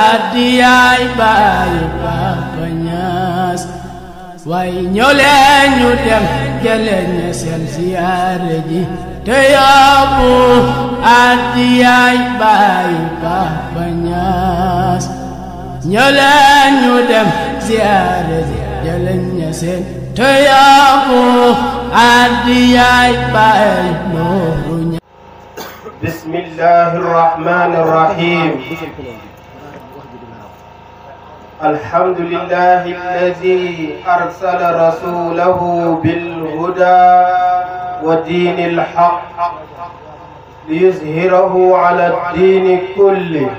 addiyaay baayu Papa Ñaas waaye ñoo leen ñu dem jële ña seen siyaare ji te yóbbu addiyaay baayu Papa Ñaas ñoo leen ñu dem siyaare ji jële ña seen te yóbbu addiyaay baayu Nuuru Ñaas bismillahi rahmaani rahim الحمد لله الذي أرسل رسوله بالهدى ودين الحق ليظهره على الدين كله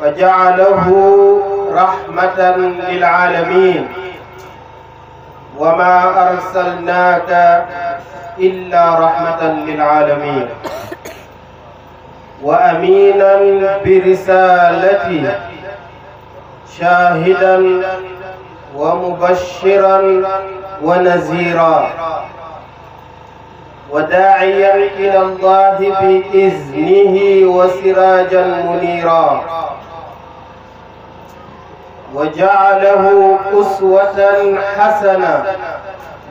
فجعله رحمة للعالمين وما أرسلناك إلا رحمة للعالمين وأمينا برسالتي شاهدا ومبشرا ونذيرا وداعيا إلى الله بإذنه وسراجا منيرا وجعله أسوة حسنة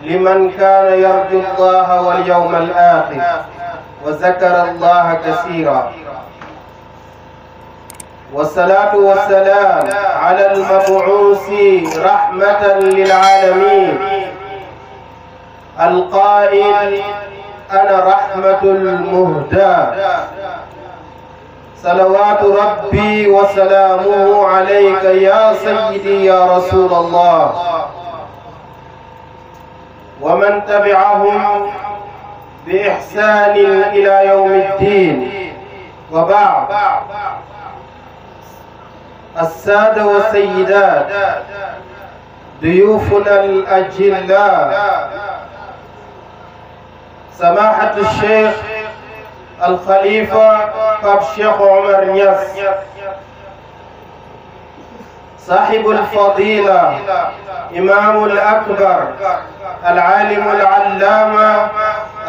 لمن كان يرجو الله واليوم الآخر وذكر الله كثيرا والصلاة والسلام على المبعوث رحمة للعالمين القائل أنا رحمة المهدى صلوات ربي وسلامه عليك يا سيدي يا رسول الله ومن تبعهم بإحسان إلى يوم الدين وبعد السادة والسيدات ضيوفنا الأجلاء سماحة الشيخ الخليفة أبو الشيخ عمر نياس صاحب الفضيلة إمام الأكبر العالم العلامة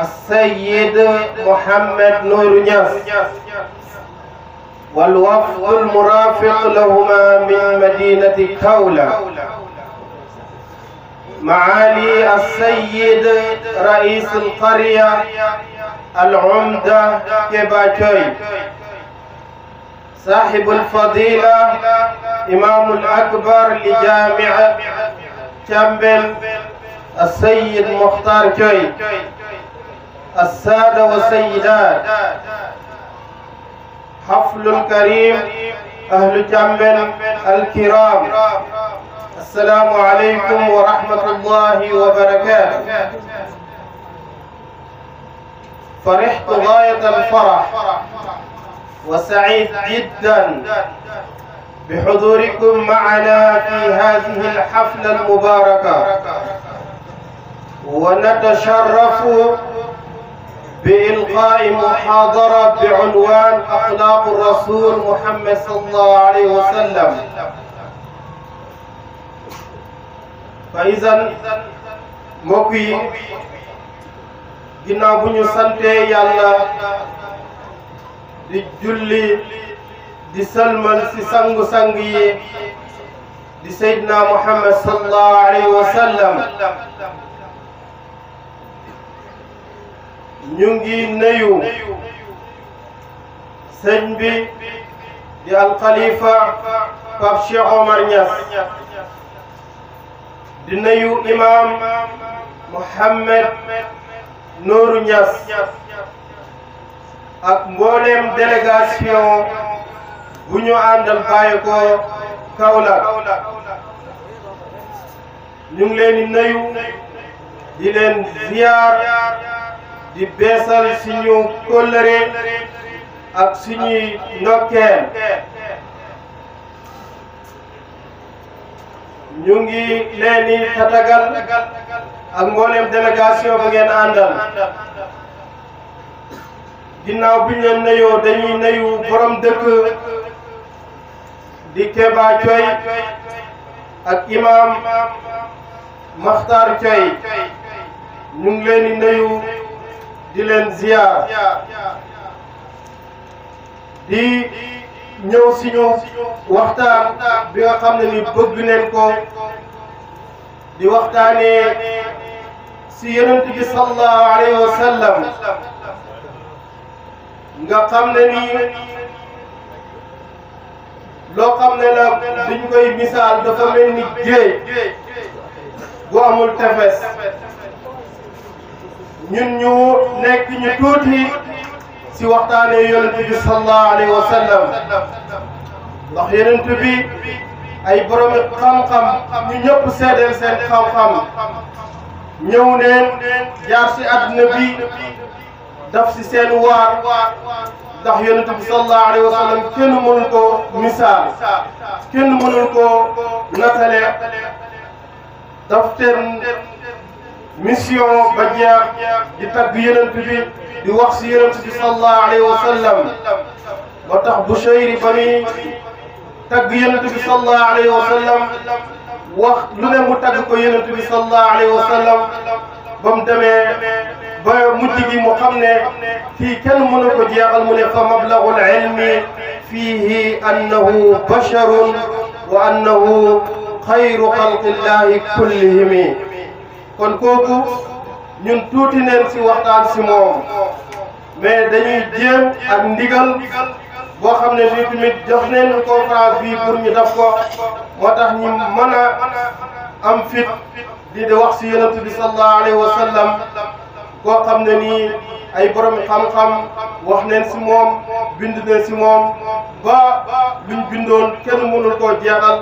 السيد محمد نور جس والوفد المرافق لهما من مدينة كولا معالي السيد رئيس القرية العمدة كباتوي صاحب الفضيلة إمام الأكبر لجامعة كامبل السيد مختار جوي السادة والسيدات حفل الكريم أهل جامبل الكرام السلام عليكم ورحمة الله وبركاته فرحت غاية الفرح وسعيد جدا بحضوركم معنا في هذه الحفلة المباركة ونتشرف بإلقاء محاضرة بعنوان أخلاق الرسول محمد صلى الله عليه وسلم فإذا مكوي جنابون يسنتي يالله di julli di salmal si sangu-sang yi di seydina muhammad sallallahu alayhi wa sallam ñu ngi nuyu sëñ di alxalifa Pape Cheikh Omar Niass di nuyu imam Mohammed Nourou Niass ak mbooleem délégation bu ñu àndal bàyyi ko Kaolack ñu ngi leen di nuyu leen ziar di beesal suñu kóllëre ak suñuy ñu ngi leen di tatagal ak mbooleem délégation ba ngeen àndal ginnaaw bi ñu leen nuyoo dañuy nuyu borom dëkk di Keba Coy ak imaam Maxtaar Coy ñu ngi leen di nuyu di leen ziyaar di ñëw si ñu waxtaan bi nga xam ne ni bëgg neen ko di waxtaanee si yonent bi sallallahu alayhi wa nga xam ne nii loo xam ne la duñ koy misaal dafa mel ni géej gu amul tefes ñun ñu nekk ñu tuuti ci waxtaane yonent bi sallallahu alayhi wa sallam ndax yonent bi ay borom xam-xam ñu ñëpp seedeel seen xam-xam ñëw neen jaar ci àdduna bi daf si seen waar ndax yonent bi sallallahu alayhi wa kenn mënul misaal kenn mënul koo natale daf teen mission ba jeex di tagg yonent bi di wax si yonent bi sallallahu alayhi wa sallam ba tax Bushayri ba muy tagg yonent bi sallallahu alayhi wa sallam wax lu ne mu tagg ko yonent bi sallallahu alayhi wa sallam ba mu demee. ba mujj gi mu xam ne fii kenn mënu ko jeexal mu ne fa mablagul ilmi fiihi annahu basharun wa annahu xayru xalqillahi kullihimi kon kooku ñun tuuti neen si waxtaan si moom mais dañuy jéem ak ndigal boo xam ne bii tamit jox neen conférence bii pour ñu def ko moo tax ñu mën a am di di wax si yonent bi sallallahu alayhi wa koo xam ne nii ay borom xam-xam wax neen si moom bind neen si moom ba luñ bindoon kenn mënul koo jeexal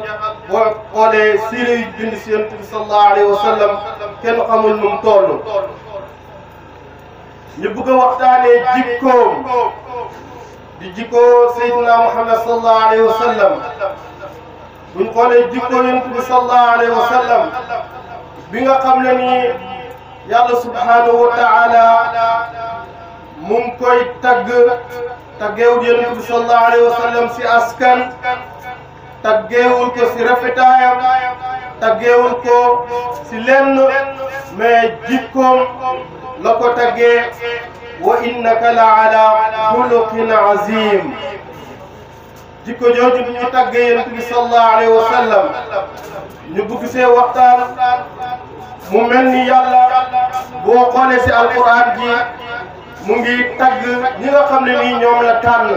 boo xoolee siire yu bind si yonent bi sallallahu alayhi wa sallam kenn xamul nu mu toll ñu bëgg a waxtaanee jikkoom di jikkoo Seydina Muhammad sallallahu alayhi wa sallam buñ xoolee jikkoo yonent bi sallallahu alayhi wa sallam bi nga xam ne nii yàlla subhanahu wa taala mum koy tag tagew yonent bi sallallahu alayhi wa sallam si askan tagewul ko si rafetayam tagewul ko si len mais jikkoom lako tagge wa innaka la ala xuluqin azim jikko jodi bi ñu taggee yonent sallallahu alayhi wa sallam ñu bu see waxtaan mu mel ni yàlla boo xoolee si alquran ji mu ngi tagg ñi nga xam ne nii ñoom la tànn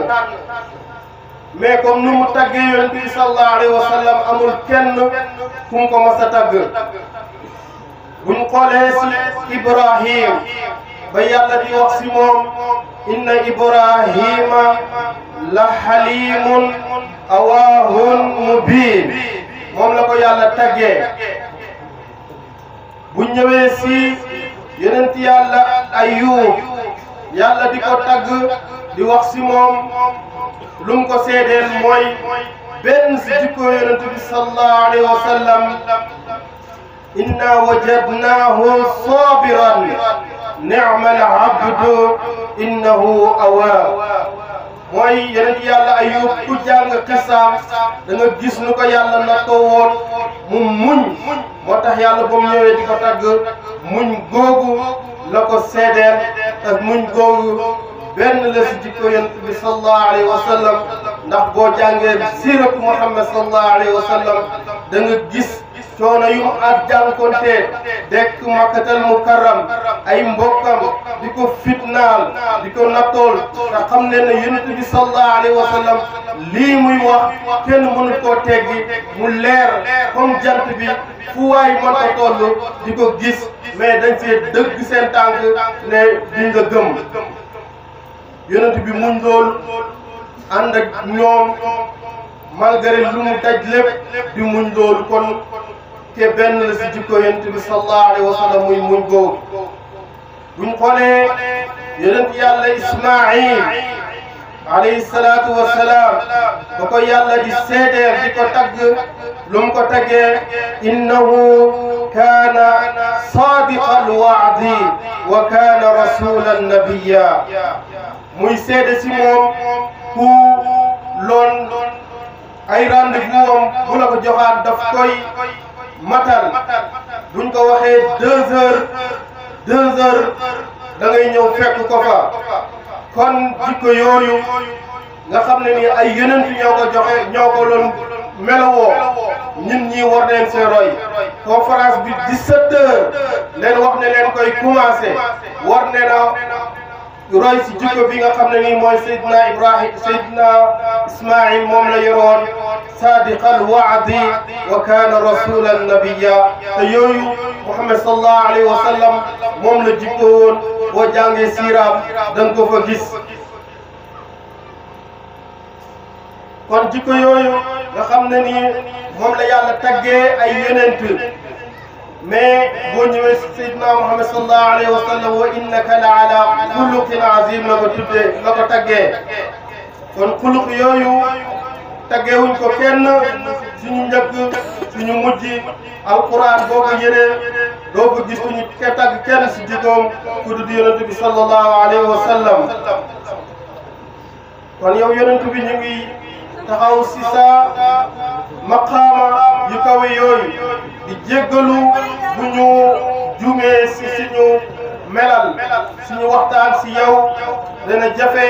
mais comme nu mu taggee yonent bi sallallahu alayhi wa sallam amul kenn ku mu ko mas a tagg buñ xoolee si ibrahim ba yàlla di wax si moom inna ibrahima la xalimun awaahun mubin moom la ko yàlla taggee bu ñëwee si yonent yàlla Ayyub yàlla di ko tagg di wax si moom lu mu ko seedeel mooy benn si jikko yonent bi sallallahu alayhi wa sallam inna wajadnaahu sabiran ni'mal abdu innahu awwaab mooy yeneen yàlla ay ku jàng xisaam da nga gis nu ko yàlla na ko woon mu muñ moo tax yàlla ba mu ñëwee di ko tagg muñ googu la ko seedeel ak muñ googu benn la si jikko yonent bi sallallahu alayhi wa sallam ndax boo jàngee siiratu Muhammad sallallahu alayhi wa sallam da nga gis coono yu mu at jànkontee dekk makkatal mukarram ay mbokkam di ko fitnaal di ko nattool te xam ne ne yonent bi sallallahu alayhi wa lii muy wax kenn mënu koo teggi mu leer comme jant bi fu waay mën a toll di ko gis mais dañ see dëgg seen tànk ne di nga gëm yonent bi muñ lool ànd ñoom malgré lu mu daj lépp di muñ kon te benn la ko yàlla di seedeel di ko tagg lu mu ko taggee innahu kaana saadiqal waadi wa kaana rasulan nabiyya muy seede si moom ku loon ay rendez-vous am bu la ko joxaat daf koy matal buñ ko waxee deux heures dangay ñëw fekk ko fa kon jikko yooyu nga xam ne ni ay yeneen ñoo ko joxe ñoo ko doon melowoo ñun ñii war nañ see roy conférence bi 17 heures leen wax ne leen koy commencé war ne na roy si jikko bi nga xam ne nii mooy Seydina Ibrahim Seydina Ismaïl moom la yoroon sadiqal waadi wa kaana rasulan nabiyya te yooyu Muhammad sallallahu alayhi wa sallam moom la jikko woon boo jàngee siiraam da nga ko fa gis kon jikko yooyu nga xam ne nii moom la yàlla taggee ay yonent mais boo ñëwee Seydina Muhammad sallallahu alayhi wa sallam wa innaka la ala xuluqin azim la ko tuddee la ko taggee kon xuluq yooyu taggeewuñ ko kenn suñu njëkk suñu mujj alquran boo ko yëree doo ko gis suñu ke tagg kenn si jikoom ku dud yonent bi sallallahu alayhi wa sallam kon yow yonent bi ñu ngi taxaw si sa maqaama yu kawe yooyu di jéggalu bu ñu jumee si suñu melal suñu waxtaan si yow dana jafe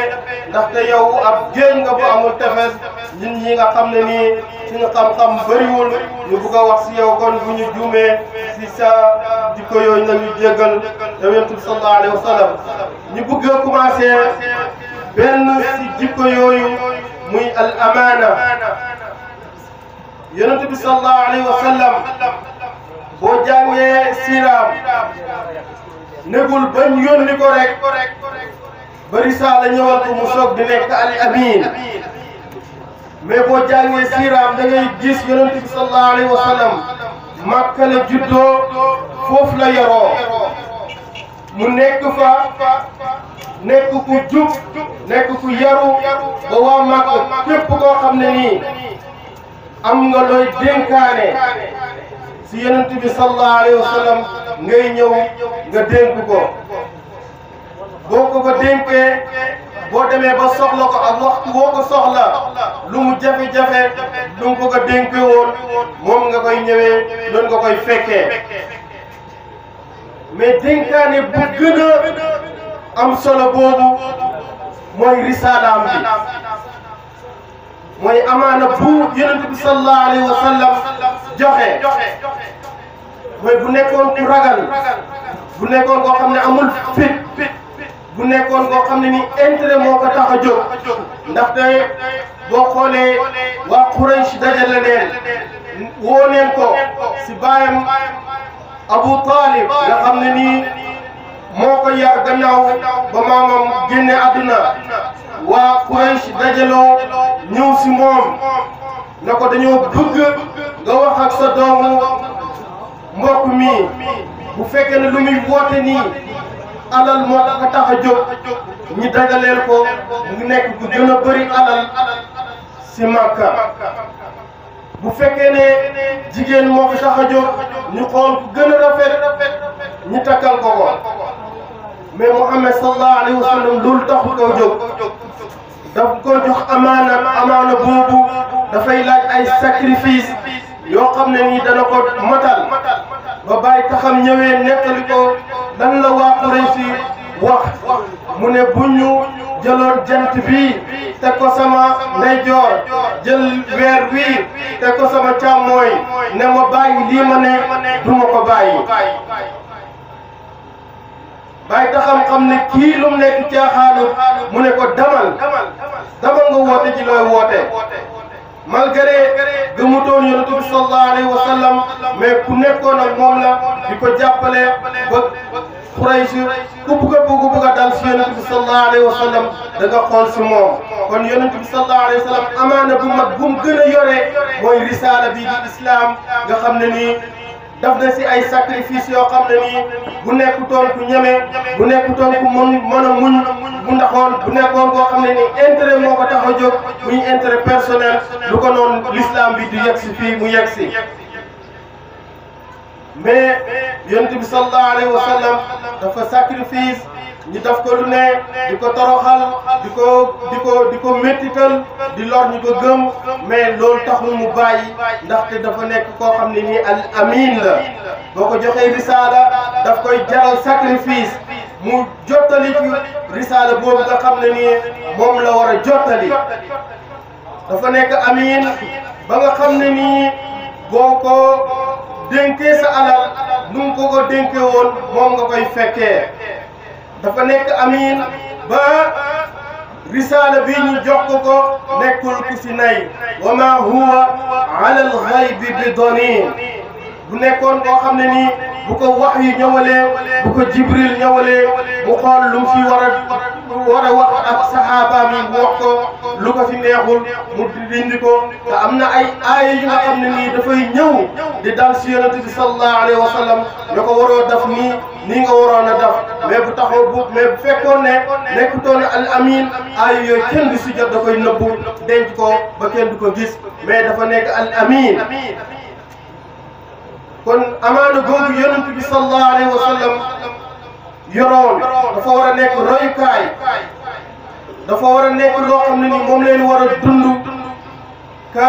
ndaxte yow ab géej nga bu amul tefes ñun ñi nga xam ne nii suñu xam-xam bëriwul ñu bugg wax si yow kon bu ñu juumee si sa jikko yooyu nañu jéggal yonent bi sallallahu alayhi wa sallam ñu bugg a benn si jikko yooyu muy al amaana يونتي بي صلى الله عليه وسلم بو جاوي سيرام نيغول بان يونيكو ريك برساله نيوال بو مسوك دي نيك علي امين مي بو جاوي سيرام دا ngay gis يونتي بي صلى الله عليه وسلم مكه لا جودو فوف لا يرو mu nek fa nek ku djub nek ku yaru bo wa mak kep ko xamne ni am nga looy dénkaane si yonent bi sallallahu alayhi wa ngay ñëw nga dénk ko boo ko ko dénkee boo demee ba soxla ko ak waxtu boo ko soxla lu mu jafe-jafe lu mu ko ko dénkee moom nga koy ñëwee noonu nga koy fekkee mais dénkaane bu gën am solo boobu mooy risaalaam bi mooy amaana bu yonent bi sallallahu alayhi wa sallam joxe mooy bu nekkoon ku ragal bu nekkoon koo xam ne amul fit bu nekkoon koo xam ne ni intérêt moo ko tax a ndax ndaxte boo xoolee waa Quraysh dajale leen woo leen ko si baayam Abu Talib nga ne nii. moo ko yar gannaaw ba maamam génne àdduna waa Quraysh dajaloo ñëw si moom ne ko dañoo bëgg nga wax ak sa doomu mbokk mi bu fekkee ne lu muy woote nii alal moo ko tax a jóg ñu dajaleel ko mu nekk ku gën a alal si Makka bu fekkee ne jigéen moo ko tax a jóg ñu xool ku gën rafet ñu takkal ko ko. mais Muhammad sallallahu alayhi wa sallam loolu taxu koo jóg daf ko jox amana amana bobu da fay laaj ay sacrifice yo xamne ni nii dana ko matal ba bay taxam ñewé nekkal ko lan la wa quraysi wax mu ne buñu ñu jëloon jant bii te ko sama jor jël wer wi te ko sama chamoy ne ma bàyyi li ma ne duma ko bàyyi bàyyi taxam xam ne kii lu mu nekk caaxaanu mu ne ko damal damal nga woote ci looy woote malgré gëmutoon yonent bi sallallahu alayhi wa sallam mais ku nekkoon ak moom la di ko jàppale ba Quraysh ku bugg a bugg bugg a dal si yonent bi sallallahu alayhi wa sallam da nga xool si moom kon yonent bi sallallahu alayhi wa sallam amaana bu mag bu mu gën a yore mooy risaala bi di islam xam ne nii. daf na si ay sacrifice yoo xam ne nii bu nekkutoon ku ñeme bu nekkutoon ku mën mën a muñ bu ndaxoon bu nekkoon koo xam ne nii intérêt moo ko tax a jóg muy intérêt personnel lu ko noonu l'islam bi du yegg fii mu yegg si mais yonent bi sallallahu alayhi wa sallam dafa sacrifice ñu daf ko lu ne di ko toroxal di ko di ko di ko di lor ñu ko gëm mais loolu taxul mu bàyyi ndaxte dafa nekk koo xam ne nii al amin la boo ko joxee risaala daf koy jaral sacrifice mu jottali ci risaala boobu nga xam ne nii moom la war a jottali dafa nekk amin ba nga xam ne nii boo ko dénkee sa alal nu mu ko ko dénkee woon moom nga koy fekkee dafa nekk amiin ba risaala bi ñu jox ko nekkul ku si nay wa ma huwa ala alxaybi bi doniin bu nekkoon koo xam ne nii bu ko wax yi ñëwalee bu ko jibril ñëwalee bu xool lu mu fi war a war a wax ak saxaabaam yi mu wax lu ko fi neexul mu dindi te am na ay aaya yu nga xam nii dafay ñëw di dal si yonente bi sallallahu alayhi wa sallam ne ko waroo def nii nii nga waroon a def mais bu taxaw bu mais bu fekkoon ne nekkutoon al amin aaya yooyu kenn du si jot da koy nëbbu denc ko ba kenn du ko gis mais dafa nekk al amin kon amaana googu yonente bi sallallahu wa sallam yoroon dafa war a nekk royukaay dafa war a nekk loo xam ne ni moom leen war a dund ka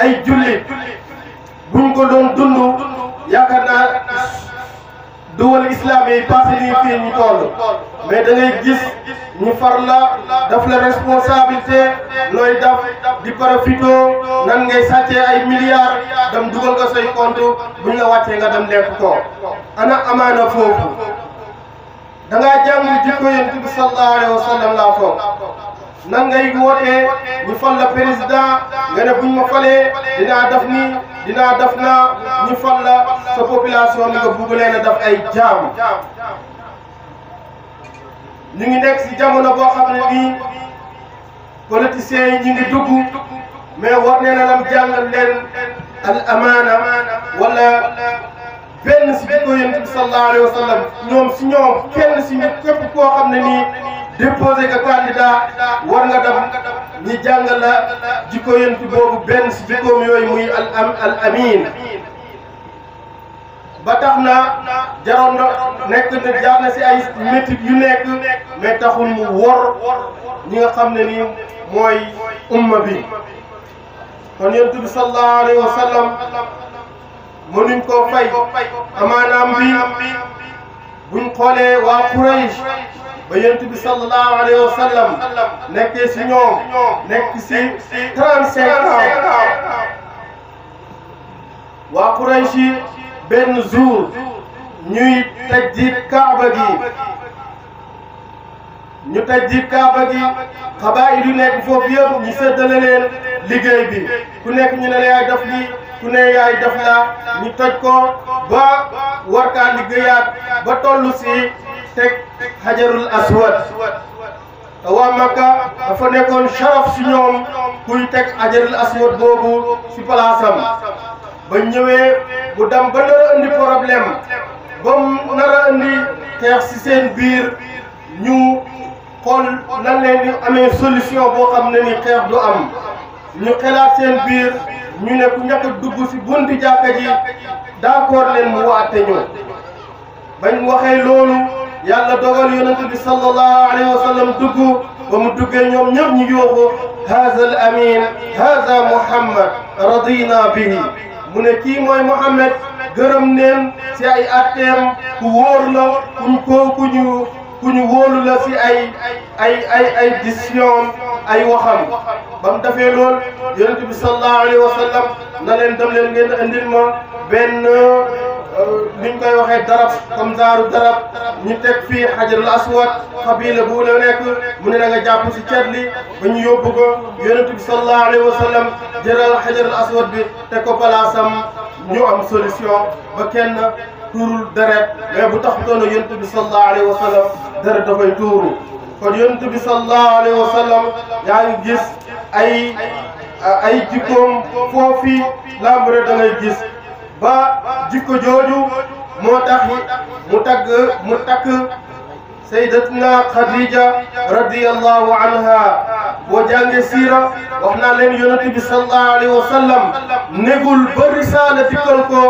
ay jullit buñ ko doon dund yaakaar naa duwal islam yi passé nii fii ñu toll mais da ngay gis ñu far la daf la responsabilité looy daf di profito nan ngay sàccee ay milliards dem dugal ko kont bu buñ la wàccee nga dem lekk ko ana amaana foofu dangaa jàng jikko yonent bi sallallahu alayhi wa sallam laa foog nan ngay wootee ñu fal la président nga ne buñ ma falee dinaa def nii dinaa def naa ñu la sa population bi nga bugg leen a def ay jaam ñu ngi nekk si jamono boo xam ne nii politiciens yi ñu ngi dugg mais war ne na lam jàngal leen al amaana benn si benn yonent bi sallallahu alayhi wa sallam ñoom si ñoom kenn si nit képp koo xam ne nii déposé nga candidat war nga dem ñi jàngal la jikko yonent boobu benn si jikkoom yooyu muy al am al ba tax na jaroon na nekk na jaar na si ay métit yu nekk mais taxul mu wor ñi nga xam ne nii mooy umma bi kon yonent bi sallallahu alayhi mënuñ koo fay amaanaam bi buñ xoolee waa Quraysh ba bi wa sallam nekkee si ñoom nekk si trente cinq ans waa Quraysh yi benn ñuy tajjib kaaba gi ñu tajjib kaaba gi xabaay yi du nekk foofu yëpp ñu séddale leen liggéey bi ku nekk ñu ne la yaay def lii ku ne yaay def la ñu toj ko ba war liggéeyaat ba toll si teg hajarul aswad te waa Makka dafa nekkoon sharaf si ñoom kuy teg hajarul aswad boobu si palaasam ba ñëwee bu dem ba nar a problème ba mu nar xeex si seen biir ñu xool nan leen amee solution boo xam ne ni xeex du am ñu xelaat seen biir. ñu ne ku njëkk dugg si bunti jàkka ji d'accord leen mu waate ñu bañ waxee loolu yàlla dogal yonent bi sallallahu alayhi wa sallam dugg ba mu duggee ñoom ñëpp ñu yooxu haza al amin haza muhammad radina bihi mu ne kii mooy muhammad gërëm neen si ay atteem ku wóor la ku ñu ku ñu wóolu la si ay ay ay ay ay waxam ba mu defee lool yonent bi sallallahu alayhi wa sallam na leen dem leen ngeen indil ma benn liñ koy waxee darab comme daaru darab ñu teg fii xajarul aswad xabila bu la nekk mu ne na nga jàpp si ceet li ba ñu yóbbu ko yonent bi sallallahu alayhi wa sallam jëral xajarul aswad bi teg ko palaasam ñu am solution ba kenn tuurul deret mais bu taxutoon a yonent bi sallallahu alayhi wa sallam deret dafay tuuru kon yonent bi sallallahu alayhi wa sallam yaa ngi gis ay ay jikkoom foofi lamb rek da ngay gis ba jikko jooju moo tax mu tagg mu takk sayyidatuna Khadija radiyallahu anha boo jàngee siira wax naa leen yonent bi sallallahu alayhi wa sallam négul ba risaala dikkal ko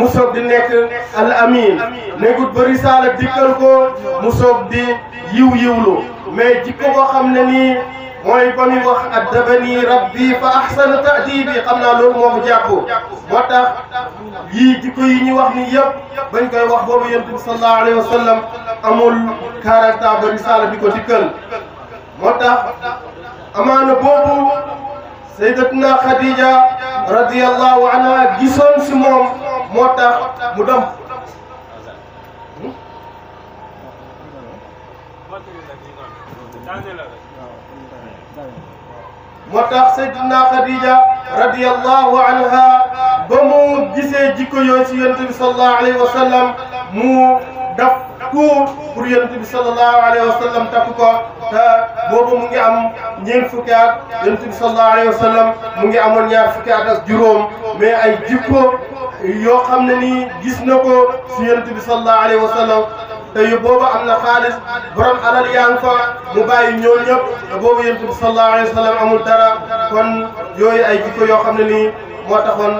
mu soog di nekk al amin négul ba risaala dikkal ko mu soog di يو يو يولو مي جيكو بو خامنني موي بامي واخ ادبني ربي فاحسن تاديبي خمنا لول مو جابو موتاخ لي جيكو يي ني واخ ني ييب بن كاي واخ بوبو ينتو صلى الله عليه وسلم امول كارتا برساله بيكو ديكل موتاخ امانه بوبو سيدتنا خديجه رضي الله عنها غيسون سي موم موتاخ مو دم moo tax sayyiduna Khadija radiyallahu anha ba mu gisee jikko yooyu si yonent bi sallallahu wa sallam wa sallam mu ngi am ñeent fukki at yonent bi wa sallam mu ngi amoon ñaar fukki at juróom mais ay jikko yoo xam ne nii gis na ko si yonent bi sallallahu wa sallam te yu am na xaalis borom alal yaa ngi fa mu bàyyi ñoo ñëpp te boobu yonent bi sallallahu alayhi wa sallam amul dara kon yooyu ay jikko yoo xam ne ni moo taxoon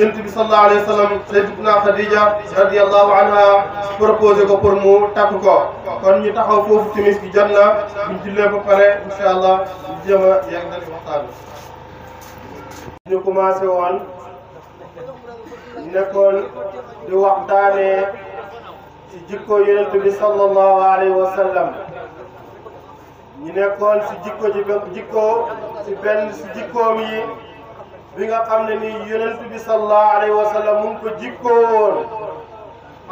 yonent bi sallallahu alayhi wa sallam sayyidatuna Khadija radiyallahu anha ko pour mu takk ko kon ñu taxaw foofu timis bi jot na buñ jullee ba pare incha allah ñu jéem a yeggali waxtaan bi ñu ci jikko yonent bi sallallahu alayhi wa sallam ñu nekkoon si jikko ji jikko si benn si jikkoom yi bi nga xam ne ni yonent bi sallallahu alayhi wa sallam mu ngi ko jikkoowoon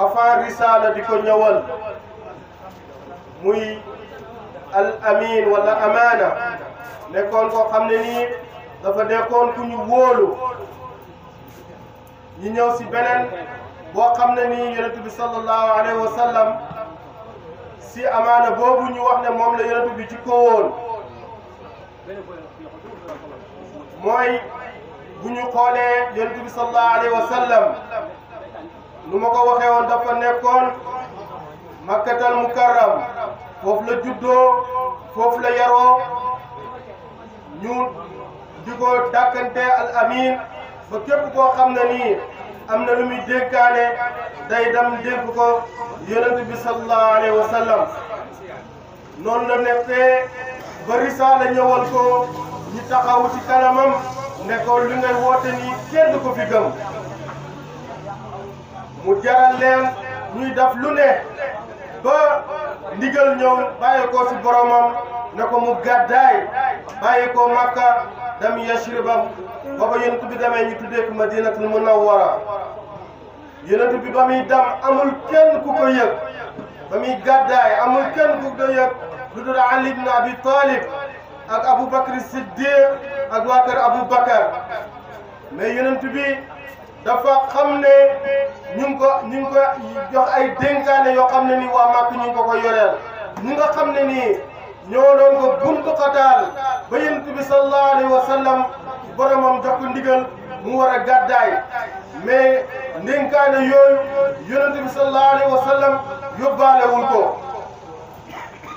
avant risaala di ko ñëwal muy al amin wala amaana nekkoon koo xam ne nii dafa nekkoon ku ñu wóolu ñu ñëw si beneen boo xam ne nii yonent bi sallallahu alayhi wa sallam si amaana boobu ñu wax ne moom la yonent bi jikkoo woon mooy bu ñu xoolee yonent bi sallallahu alayhi wa sallam nu ma ko waxee woon dafa nekkoon makkatal mukarram foofu la juddoo foofu la yaroo ñu di ko dàkkante al amin ba képp koo xam ne nii am na lu muy déggaane day dem dégg ko yonent bi sallallahu alayhi wa sallam noonu la nekkee ba ñëwal ko ñu taxaw kanamam ne ko li ngay woote nii kenn ko fi gëm mu jaral ñuy def lu ne ba ndigal ñëw bàyyi ko ci boromam ne ko mu gàddaay bàyyi ko Makka dem yashriba ba ko yonent bi ñu tuddee ko Madinatul Munawwara yonent bi ba muy dem amul kenn ku ko yëg ba muy gàddaay amul ku ko yëg lu dul Ali ibn Abi Talib ak Aboubacar Siddiq ak waa kër Aboubacar mais yonent dafa xam ne ñu ko ñu ngi ko ay dénkaane yoo xam ne nii waa Màkk ñu ko ko yoreel ñu nga xam ne nii ñoo ko buntu xataal ba yonent bi alayhi wa boromam jox ko ndigal mu war a gàddaay mais ndénkaane yooyu yonente bi sallallahu alayhi wa sallam yóbbaalewul ko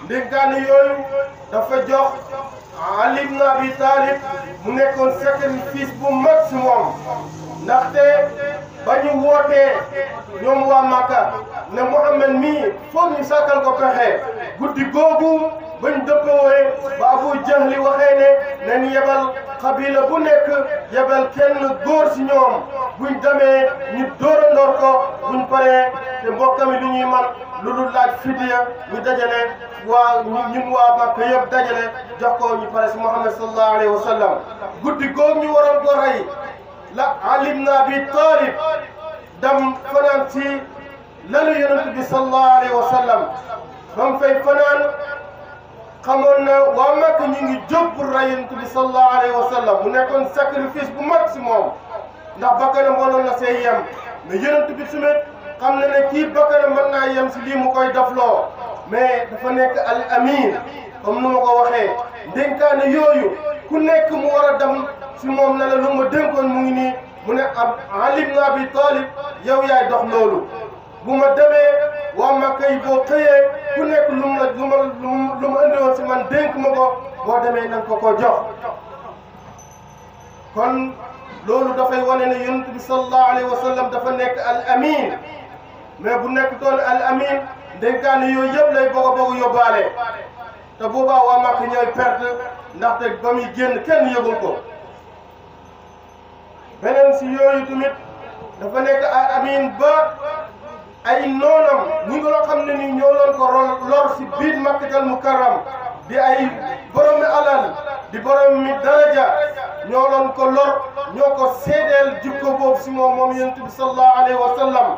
ndénkaane yooyu dafa jox Ali ibn Abi Talib mu nekkoon sacrifice bu mag si moom ndaxte ba ñu wootee ñoom waa Màkka ne Muhammad mii foog ñu sàkkal ko pexe guddi googu bañ dëppoowee ba Abu Jahli waxee ne nañ yebal xabila bu nekk yebal kenn góor si ñoom buñ demee ñu dóorandoor ko buñ paree te mbokkam yi lu ñuy man lu dul laaj fidiya ñu dajale waa ñun waa Makka yëpp dajale jox ko ñu pare si Muhammad sallallahu alayhi guddi googu ñu waroon ko rey la alim na bi Talib dem fanaan ci lalu yonent bi sallallahu alayhi bam fay fanaan xamoon na waa Makka ñu ngi jóg pour rayant bi sallallahu alayhi wa mu nekkoon sacrifice bu mag si moom ndax bakkanam waroon na see yem mais yonent bi tamit xam na ne kii bakkanam mën naa yem si lii mu koy dafloo mais dafa nekk al amin comme nu ma ko waxee ndénkaane yooyu ku nekk mu war a dem si moom na la lu ma dénkoon mu ngi nii mu ne ab Ali ibn Abi Talib yow yaay dox loolu bu ma demee waa Makka yi boo xëyee ku nekk lu mu la lu ma ma indi woon demee na nga ko ko jox kon loolu dafay wone na yonent bi sallallahu alayhi wa dafa nekk al mais bu nekk toon al amin dénkaane yooyu yëpp lay bëgg a bëgg yóbbaale te boobaa waa Màkk ñooy ndax ndaxte ba muy génn kenn yëgul ko beneen si yooyu tamit dafa nekk al amin ba ay noonam ñi nga xam ne ni ñoo leen ko lor si biir makkatal mukarram di ay borom mi alal di borom mi daraja ñoo leen ko lor ñoo ko seedeel jikko boobu si moom moom yonent bi sallallahu alayhi wa sallam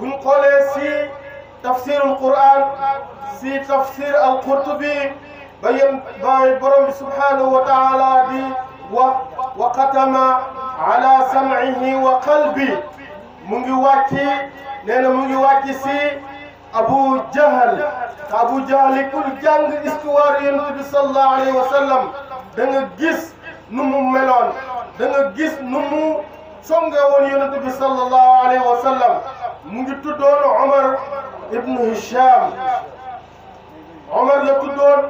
buñ xoolee si tafsirul quran si tafsir al qurtubi ba yem ba borom bi subhanahu wa taala di wax wa xatama ala sam'ihi wa qalbi mu ngi wàcci nee na mu ngi wàcc si Abu Jahl, Abu Jahl ku jàng histoire yonent bi sallallahu alayhi wa sallam da nga gis nu mu meloon da nga gis nu mu songe woon yonent bi sallallahu alayhi wa mu ngi tuddoon Omar ibn Hisham Omar la tuddoon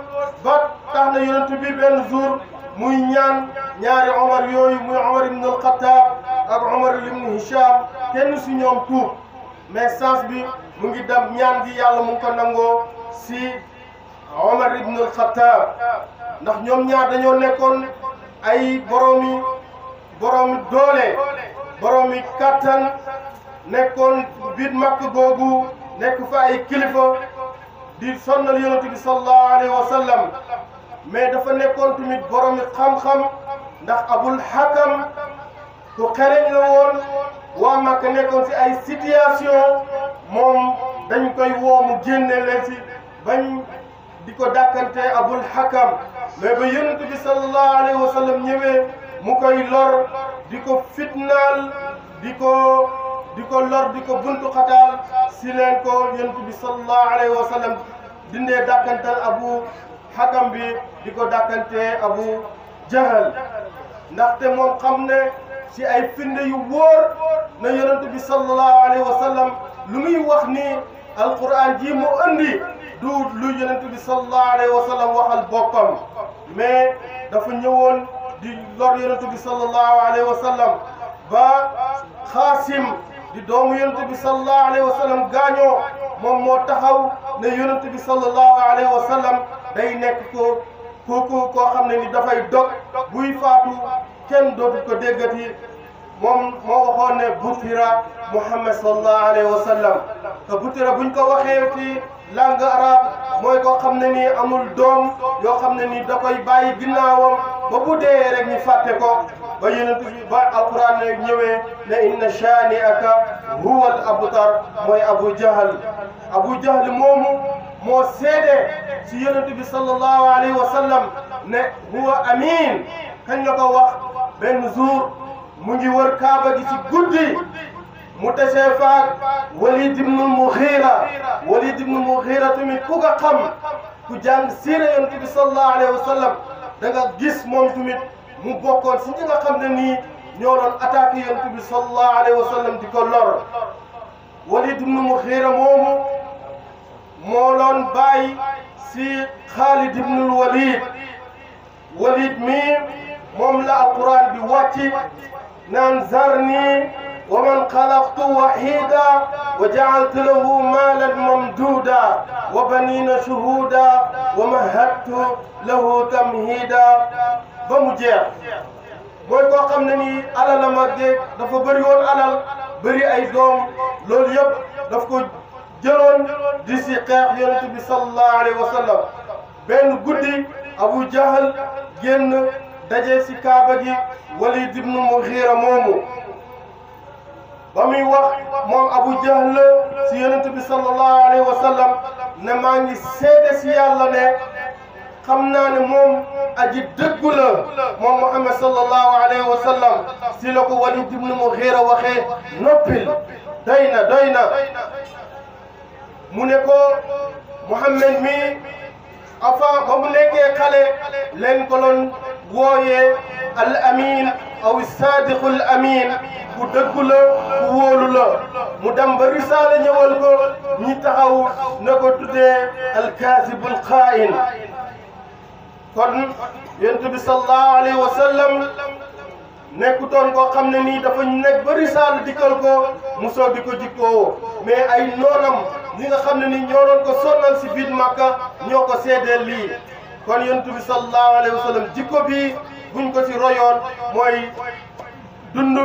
ba tax na yonent bi benn jour muy ñaan ñaari Omar yooyu muy Omar ibn al-Khattab ak Omar ibn Hisham kenn si ñoom tuub. mais sens bi mu ngi dem ñaan gi yàlla mu ngi ko nangoo si Omar ibn al ndax ñoom ñaar dañoo nekkoon ay boroomi boroomi doole boroomi kàttan nekkoon biir màkk googu nekk fa ay kilifa di sonnal yonent bi sallallahu alayhi wa sallam mais dafa nekkoon tamit boroomi xam-xam ndax abul hakam ku xereñ la woon waa Màkka nekkoon si ay situation moom dañ koy woo mu génne leen ci bañ di ko dàkkante abul hakam mais ba yonent bi alayhi wa sallam ñëwee mu koy lor di ko fitnaal di ko ko lor di ko buntu xataal si leen ko yonent bi sallallahu alayhi wa sallam dindee dàkkantal abu hakam bi di ko dàkkante abu jahal ndaxte moom xam ne ci ay finde yu wor na yaronte bi sallallahu alayhi wasallam sallam lu muy wax ni alquran ji mo andi du lu yaronte bi sallallahu alayhi wasallam waxal boppam mais dafa ñëwoon di lor yaronte bi sallallahu alayhi wasallam ba khasim di doomu yaronte bi sallallahu alayhi wasallam gaño mom mo taxaw na yaronte bi sallallahu alayhi wasallam day nekk ko kooku ko xamne ni da fay dog buy faatu كن دوت كو دغتي موم مو وخون نه محمد صلى الله عليه وسلم كبوتيرا بون كو وخيو تي لانغ عرب موي كو خامن ني امول دوم يو خامن ني داكاي باي غيناوام با بودي رك ني فاتي كو با يونتي با القران ني نيوي لا ان شانئك هو الابطر موي ابو جهل ابو جهل مومو مو سيدي سي يونتي صلى الله عليه وسلم هو امين kañ la ko wax benn jour mu ngi wër kaaba gi ci guddi mu tasee faak Walid ibnul Mughira Walid ibnul Mughira tamit ku nga xam ku jàng siira yonent bi sallallahu alayhi wa sallam gis moom tamit mu bokkoon si ñi nga xam ne nii ñoo doon attaqué bi sallallahu alayhi wa di ko Walid ibnul Mughira moomu moo doon bàyyi si Xaalid ibnul Walid Walid mi مملا قرآن بواتي نان زرني ومن خلقت وحيدا وجعلت له مالا ممدودا وبنين شهودا ومهدت له تمهيدا بمجير موي كو خامني على لا ماغي دا فا بري وون علال بري اي دوم لول ييب دا فكو جيلون دي سي خيخ صلى الله عليه وسلم بن غودي ابو جهل ген daje si kaaba gi Walid ibnu Mughira moomu ba muy wax moom Abu si yonent bi sallallahu alayhi ne maa ngi seede si yàlla ne xam naa ne moom aji dëggu la moom Muhammad si la Walid ibnu Mughira waxee noppil doy na mu ne ko Muhammad mi afa ba mu nekkee xale leen ko wooyee al amin aw saadiqu al amin bu dëggu la bu wóolu la mu dem risaala ñëwal ko ñi taxaw na ko tuddee al kon yonent bi sallallahu alayhi nekkutoon koo xam ne nii dafa nekk ba risaala dikkal ko mosoo di ko jikkoo mais ay noonam ñi nga xam ne ni ñoo ko sonnal si biir Màkka ñoo ko seedeel lii kon yonent bi sallallahu alayhi wa sallam jikko bi buñ ko ci royoon mooy dund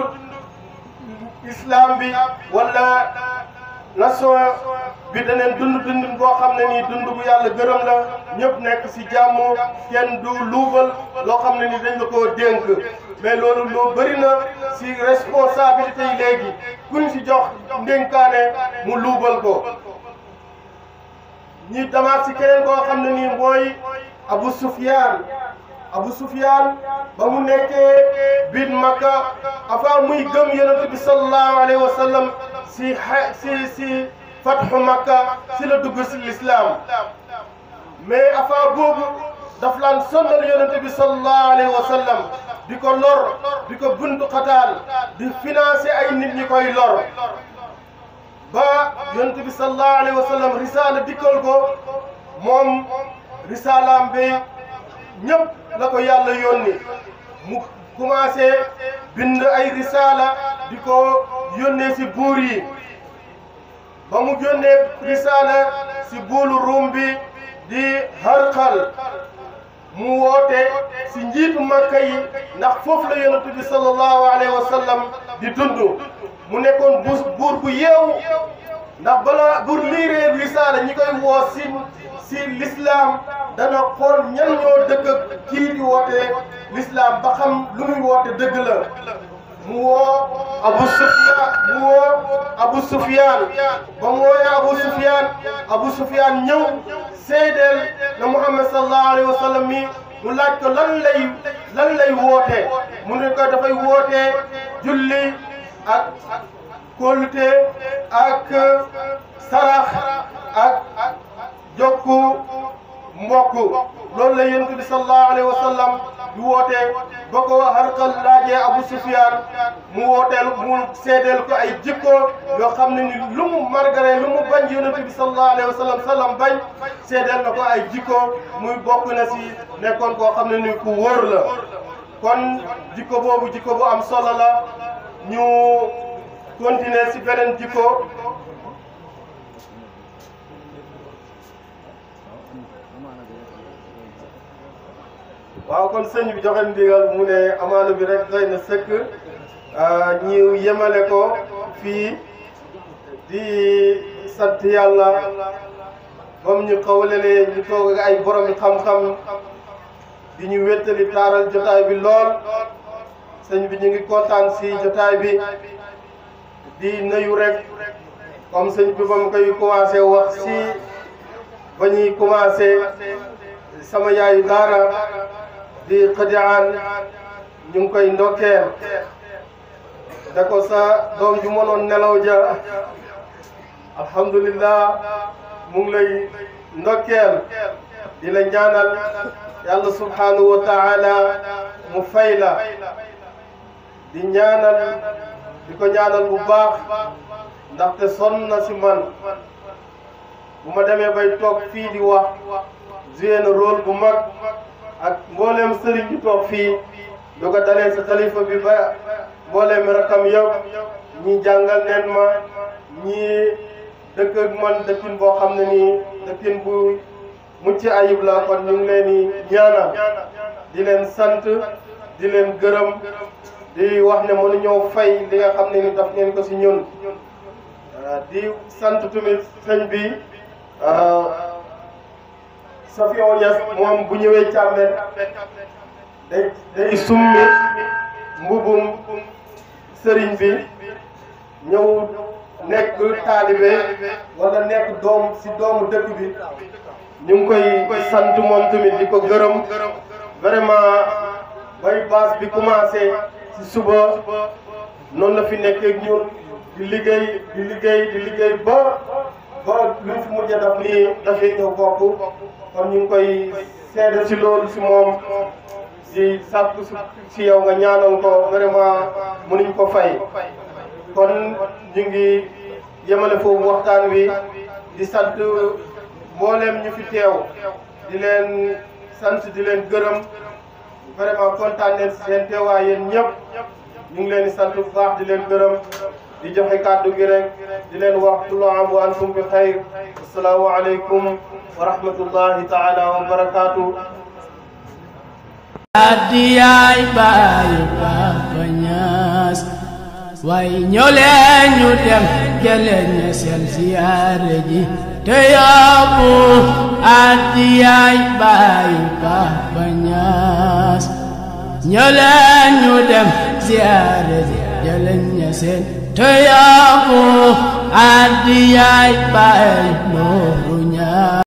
islam bi wala nation bi daneen dund dund boo xam ne nii dund bu yàlla gërëm la ñëpp nekk ci jàmm kenn du luubal loo xam ne nii dañ la koo dénk mais loolu loo bëri na ci responsabilité yi léegi kuñ ci jox ndénkaane mu luubal ko ñi damaat ci keneen koo xam ne nii mooy abu sufyaan abu sufyaan ba mu nekkee biir makka avant muy gëm yonent bi si xa makka si la dugg si lislaam mais avant boobu daf laan sonal yonent bi sallallahu alayhi wa sallam di ko lor di ko buntu di financer ay nit ñi koy lor ba yonent bi sallallahu risaala dikkal ko moom risaalaam bi ñëpp la ko yàlla yónni mu commencé bind ay risaala di ko yónnee si buur yi ba mu yónnee risaala si buuru ruum di Harqal mu woote si njiitu Makka yi ndax foofu la yonent bi sallallahu alayhi wa sallam di dund mu nekkoon buur bu yeewu ndax balaa bu liiree lisaana ñi koy woo si si l'islam dana xool ñan ñoo dëkk kii di woote l'islam ba xam lu muy woote dëgg la mu woo Abu Sufyaan mu woo Abu Sufyaan ba mu wooyee Abu Sufyaan Abu Sufyaan ñëw seedeel na Muhammad sallallahu alayhi wa mi mu laaj ko lan lay lay woote mu ne dafay woote julli ak. kóolute ak sarax ak jokku mbokk loolu la yonent bi sallallahu alayhi woote ba ko Harqal laajee Abu Sufyaan mu wooteel mu seedeel ko ay jikko yoo xam ne ni lu mu margare mu bañ yonent bi sallallahu alayhi wa seedeel na ko ay jikko muy bokk na si nekkoon koo xam ne ni ku wóor la kon jikko boobu jikko bu am solo la ñu kon continuer ci beneen jikko waaw kon sëñ bi joxe ndigal mu ne amaana bi rek doy na sëkk euh, ñiw yemale ko fii di sant yàlla bam ñu xawlelee ñu toog ak ay borom xam-xam di ñu wéttali taaral jotaay bi lool sëñ bi ñu ngi kontaan si jotaay bi di nuyu rek comme sëñ mu koy commencé wax si ba ñuy commencé sama yaay daara di xëjaan ñu ngi koy ndokkeel da ko sa doom ju mënoon nelaw ja alhamdulillah mu lay ndokkeel di la ñaanal yàlla subhanahu wa taala mu fay la di ñaanal di ko ñaanal bu baax ndaxte sonn na si man bu ma demee bay toog fii di wax joué na rôle bu mag ak mbooleem sëriñ bi toog fii du ko dalee sa xalifa bi ba mbooleem rakam yëpp ñii jàngal neen ma ñii dëkk man dëkkin boo xam ne ni dëkkin bu mucc ayib la kon ñu ngi leen di ñaanal di leen sant di leen gërëm di wax ne mënu ñëw fay li nga xam ne ni daf ngeen ko si ñun ah, di sant tamit sëñ bi ah, Safiou Niass moom bu ñëwee càmmet day day summi mbubum sëriñ bi ñëw nekk taalibe wala nekk doom si doomu dëkk bi ñu koy sant moom tamit di ko gërëm vraiment bay baas bi commencé suba noonu la fi nekk ak ñun di liggéey di liggéey di liggéey ba ba lu mu fi mujj a def dafay ñëw bokk kon ñu ngi koy seede ci loolu si moom di sàkku si yow nga ñaanal ko vraiment mënuñ ko fay kon ñu ngi yemale foofu waxtaan wi di sant mboolem ñu fi teew di leen sant di leen gërëm. vraiment kontaan nañ seen teewaay yéen ñu ngi leen di sant bu baax di leen gërëm di joxe kàddu gi rek di leen wax tullu am wa antum bi xayr asalaamu aleykum wa rahmatullahi taala wa barakaatu addiyaay ñu dem ñe ji te ñoleen ñu dem ziyaare ji jëleen ña seen te yaaku addi yaay baay nooru ñaar